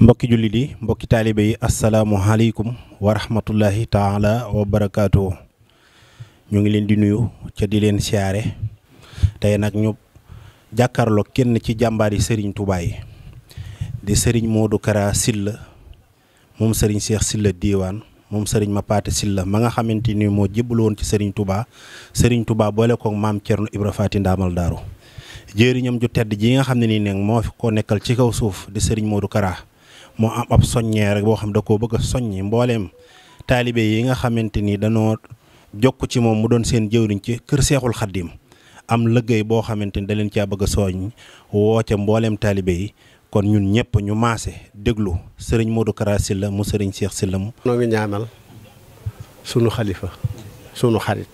mbokki jullit yi mbokki taalibe yi asalaamualeykum wa rahmatullahi taala wa ñu ngi leen di nuyu ca di leen siyaare tey nag ñu jàkkaarloo kenn ci jàmbaari sëriñ Tuubaa yi di sëriñ Modou Kara Sylla moom sëriñ Cheikh Sylla Diwane moom sëriñ ma Mapaté silla ma nga xamante ni moo jébbalu ci sëriñ Tuubaa sëriñ Tuubaa boole ko maam Cerno Ibra Faati Ndaamal Daaru jëriñam ju tedd ji nga xam ne nii nag moo fi ko nekkal ci kaw suuf di Serigne Modou Kara moo am ab soññee rek boo xam da koo bëgg a soññi mbooleem taalibe yi nga xamante ni danoo jokk ci moom mu doon seen jëriñ ci kër Seexul Xaddim am liggéey boo xamante ni da leen caa bëgg a soññ woo ca mbooleem taalibe yi kon ñun ñëpp ñu maase déglu Serigne moodu Kara Sylla mu Serigne Cheikh Sylla mu noo ngi sunu xalifa sunu xarit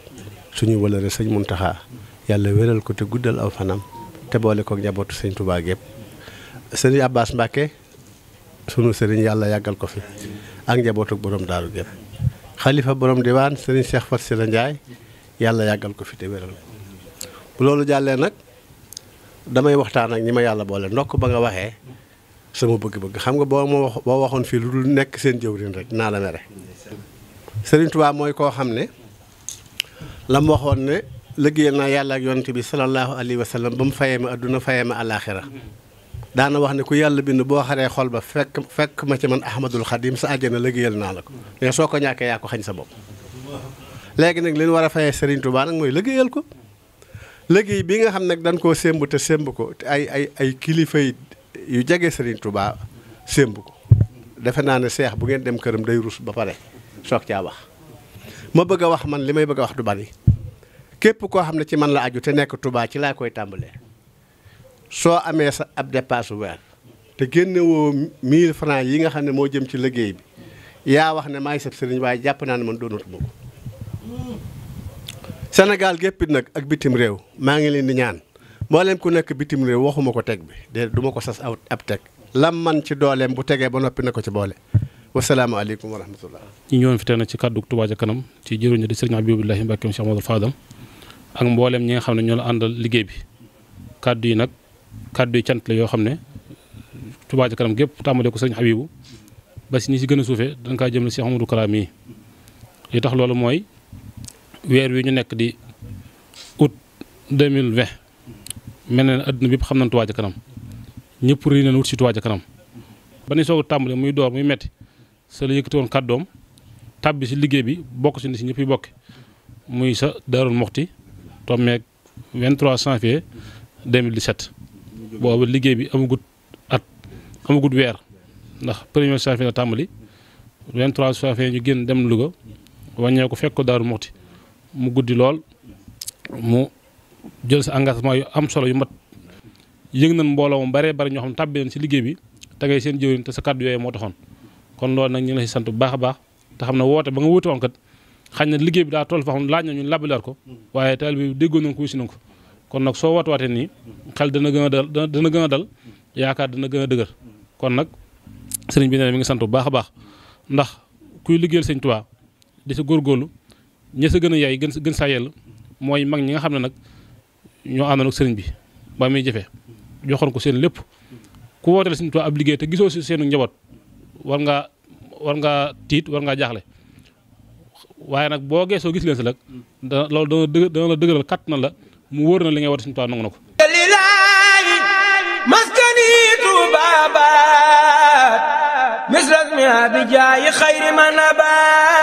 suñu wëlëre sëñ Muntaxa yàlla wéral ko te guddal aw fanam te boole koog njabootu sëñ Touba gépp sëriñ Abbas Mbacke sunu sëriñ yàlla yàggal ko fi ak njabootu borom daaru gépp xalifa borom diwaan sëriñ seex Fat Sila Ndiaye yàlla yàggal ko fi te wéral bu loolu jàllee nag damay waxtaan ak ñi ma yàlla boole ndokk ba nga waxee sama bëgg-bëgg xam nga boo ma waxoon fii lu dul nekk seen jëwriñ rek naa la mere. Sëriñ Touba mooy koo xam ne la waxoon ne. liggéeyal naa yàlla ak yonent bi sallallahu alayhi wa sallam ba mu fayee ma adduna fayee ma alaaxira daana wax ne ku yàlla bind boo xaree xol ba fekk fekk ma ci man ahmadul xadim sa àjjana liggéeyal naa la ko mais soo ko ñàkkee yaa ko xañ sa bopp léegi nag li war a fayee Serigne Touba nag mooy liggéeyal ko liggéey bii nga xam nag dañ koo sémb te sémb ko te ay ay ay kilifa yu jege Serigne tubaa sémb ko defe naa ne seex bu ngeen dem këram day rus ba pare soog caa ma bëgg a wax man li may bëgg a wax du bari képp koo xam ne ci man la aju te nekk tubaa ci laa koy tàmbalee soo amee sa ab dépasse weer te génne woo 1000 yi nga xam ne moo jëm ci liggéey bi yaa wax ne maay sab sëriñ waaye jàpp naa ne man doonatuma ko Sénégal géppit nag ak bitim réew maa ngi leen di ñaan mboolem ku nekk bitim réew waxuma ko teg bi de du ma ko sas aw ab teg lam man ci dooleem bu tegee ba noppi na ko ci boole wasalaamaaleykum wa rahmatullah ñi ñëwoon fi tey nag ci kàddu Touba ca kanam ci jëruñu di sëriñ Abibulahi Mbàkke Cheikh Amadou Fadam ak mboolem ñi nga xam ne ñoo la àndal liggéey bi kàddu yi nag kàddu yi cant la yoo xam ne Touba Ca Kanam gépp tàmbalee ko sëñ Habibou ba si ñi si gën a suufee da nga kaa jëm la si Amadou Karaam yi li tax loolu mooy weer wi ñu nekk di août 2020 mel na ne àdduna bépp xam nañ Touba Ca Kanam ñëpp rii nañ wut si Touba Ca Kanam ba ni soog tàmbalee muy door muy metti sa la yëkkati woon kàddoom tàbbi si liggéey bi bokk si ni si ñëpp yi bokk muy sa Daarul Moxti cent tommeeg 23 janvier 2017 boobu liggéey bi amagut at amagut weer ndax premier janvier la tàmbali 23 janvier ñu génn dem Louga wàññee ko fekk ko Daaru Muxti mu guddi lool mu jël sa engagement yu am solo yu mat yëg nañ mbooloo mu baree bari ñoo xam ne tàbbi nañ ci liggéey bi tegay seen jëwriñ te sa kàddu yooyu moo taxoon kon lool nag ñu ngi sant bu baax a baax te xam ne woote ba nga woote woon kat xañ na liggéey bi daa tool fa xam laaj na ñun labaleer ko waaye taal bi déggoon nañ ko wisi nañ ko kon nag soo watwaatee nii xel dana gën a dal dana gën a dal yaakaar dana gën a dëgër kon nag sëriñ bi nee na mi ngi sant bu baax a baax ndax kuy liggéeyal sëñ Tuubaa di sa góorlu ña sa gën a yaay gën gën saa yell mooy mag ñi nga xam ne nag ñoo àndoon ak sëriñ bi ba muy jafe joxoon ko seen lépp ku wooteel sëñ Tuubaa ab liggéey te gisoo si seenu njaboot war ngaa war ngaa tiit war ngaa jaaxle waaye nag boo geesoo gis leen si nag da loolu dana dana la dëgëral kat na la mu wóor na li ngay war suñu Tuubaa nangu ko lilaahi maskanitu baabaat misras mi abijaayi xayri ma nabaat